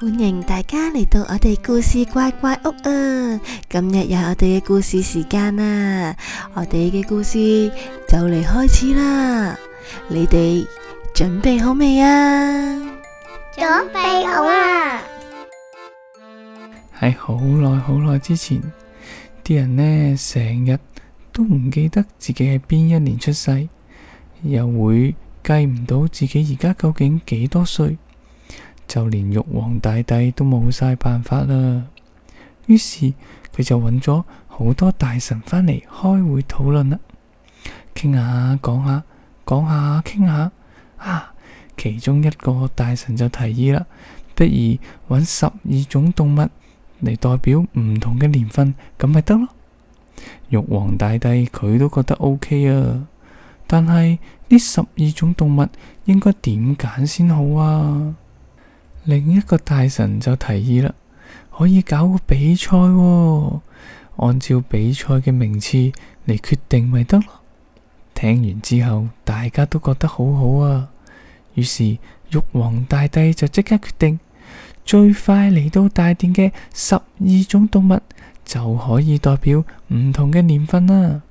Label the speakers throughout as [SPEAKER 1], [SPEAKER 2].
[SPEAKER 1] 歡迎大家嚟到我哋故事怪怪屋啊！今日有我哋嘅故事時間啊！我哋嘅故事就嚟開始啦，你哋準備好未啊？準備好啦。喺
[SPEAKER 2] 好耐好耐之前，啲人呢，成日都唔記得自己係邊一年出世，又會計唔到自己而家究竟幾多歲。就連玉皇大帝都冇晒辦法啦。於是佢就揾咗好多大神返嚟開會討論啦，傾下講下講下傾下啊。其中一個大神就提議啦，不如揾十二種動物嚟代表唔同嘅年份，咁咪得咯。玉皇大帝佢都覺得 OK 啊，但係呢十二種動物應該點揀先好啊？另一個大神就提議啦，可以搞個比賽、哦，按照比賽嘅名次嚟決定咪得咯。聽完之後，大家都覺得好好啊。於是玉皇大帝就即刻決定，最快嚟到大殿嘅十二種動物就可以代表唔同嘅年份啦。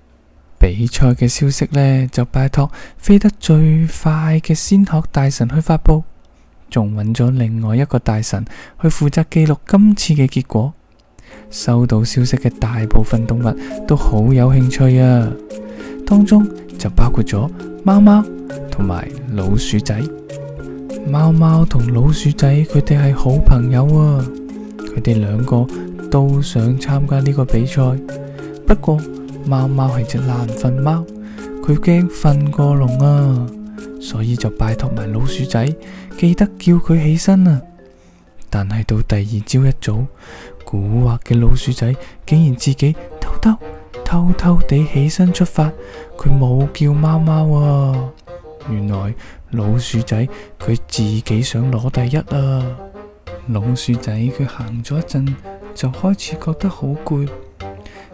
[SPEAKER 2] 比賽嘅消息呢，就拜託飛得最快嘅仙鶴大神去發布。仲搵咗另外一個大神去負責記錄今次嘅結果。收到消息嘅大部分動物都好有興趣啊，當中就包括咗貓貓同埋老鼠仔。貓貓同老鼠仔佢哋係好朋友啊，佢哋兩個都想參加呢個比賽。不過貓貓係隻爛瞓貓，佢驚瞓過籠啊。所以就拜託埋老鼠仔，記得叫佢起身啊！但係到第二朝一早，古惑嘅老鼠仔竟然自己偷偷偷偷地起身出發，佢冇叫貓貓啊！原來老鼠仔佢自己想攞第一啊！老鼠仔佢行咗一陣，就開始覺得好攰。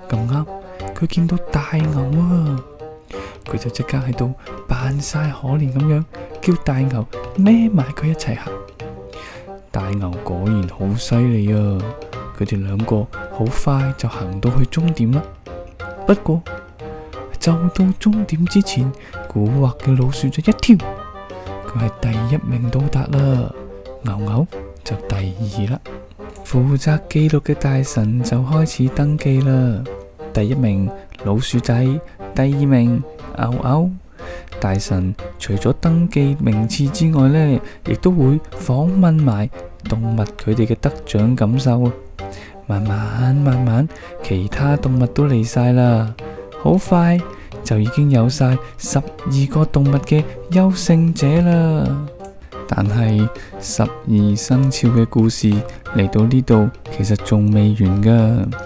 [SPEAKER 2] 咁啱，佢見到大牛啊！佢就即刻喺度扮晒可憐咁樣，叫大牛孭埋佢一齊行。大牛果然好犀利啊！佢哋兩個好快就行到去終點啦。不過就到終點之前，古惑嘅老鼠就一跳，佢係第一名到達啦。牛牛就第二啦。負責記錄嘅大臣就開始登記啦。第一名老鼠仔，第二名。牛牛大臣，除咗登記名次之外呢，亦都會訪問埋動物佢哋嘅得獎感受。慢慢慢慢，其他動物都嚟晒啦，好快就已經有晒十二個動物嘅優勝者啦。但係十二生肖嘅故事嚟到呢度，其實仲未完噶。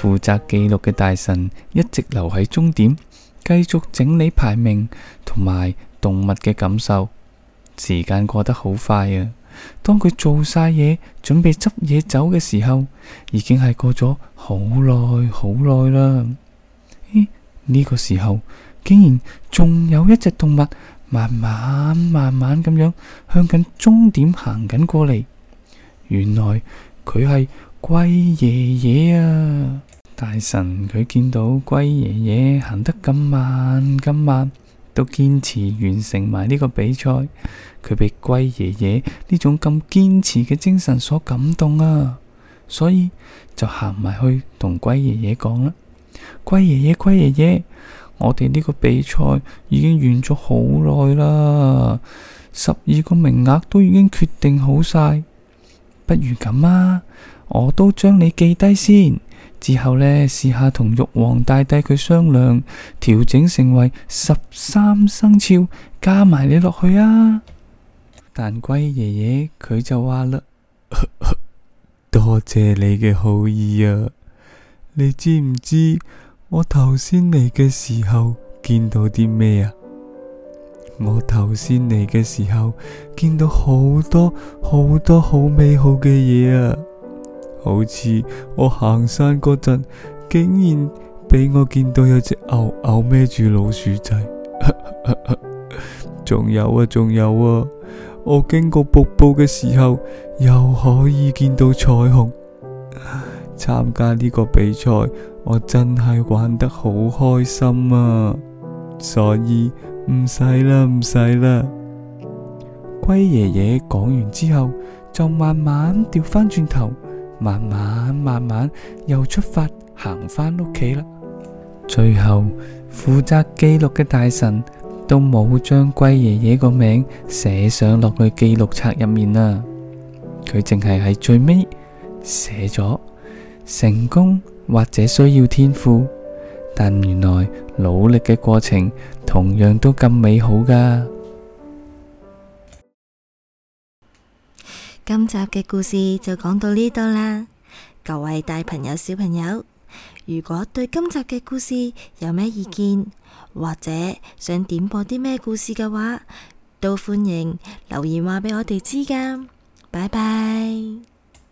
[SPEAKER 2] 負責記錄嘅大臣一直留喺終點。繼續整理排名同埋動物嘅感受，時間過得好快啊！當佢做晒嘢，準備執嘢走嘅時候，已經係過咗好耐好耐啦。呢個時候竟然仲有一隻動物，慢慢慢慢咁樣向緊終點行緊過嚟，原來佢係龜爺爺啊！大神佢見到龜爺爺行得咁慢咁慢，都堅持完成埋呢個比賽。佢被龜爺爺呢種咁堅持嘅精神所感動啊，所以就行埋去同龜爺爺講啦。龜爺爺，龜爺爺，我哋呢個比賽已經完咗好耐啦，十二個名額都已經決定好晒，不如咁啊，我都將你記低先。之後呢，試下同玉皇大帝佢商量，調整成為十三生肖加埋你落去啊！但龜
[SPEAKER 1] 爺爺佢就話啦： 多謝你嘅好意啊！你知唔知我頭先嚟嘅時候見到啲咩啊？我頭先嚟嘅時候見到好多好多好美好嘅嘢啊！好似我行山嗰陣，竟然俾我見到有隻牛牛孭住老鼠仔。仲 有啊，仲有啊，我經過瀑布嘅時候又可以見到彩虹。參 加呢個比賽，我真係玩得好開心啊！所以唔使啦，唔使啦。龜爺爺
[SPEAKER 2] 講完之後，就慢慢掉翻轉頭。慢慢慢慢又出發行返屋企啦。最後負責記錄嘅大臣都冇將龜爺爺個名寫上落去記錄冊入面啊！佢淨係喺最尾寫咗成功或者需要天賦，但原來努力嘅過程同樣都咁美好㗎。
[SPEAKER 1] 今集嘅故事就講到呢度啦，各位大朋友、小朋友，如果對今集嘅故事有咩意見，或者想點播啲咩故事嘅話，都歡迎留言話畀我哋知噶，拜拜。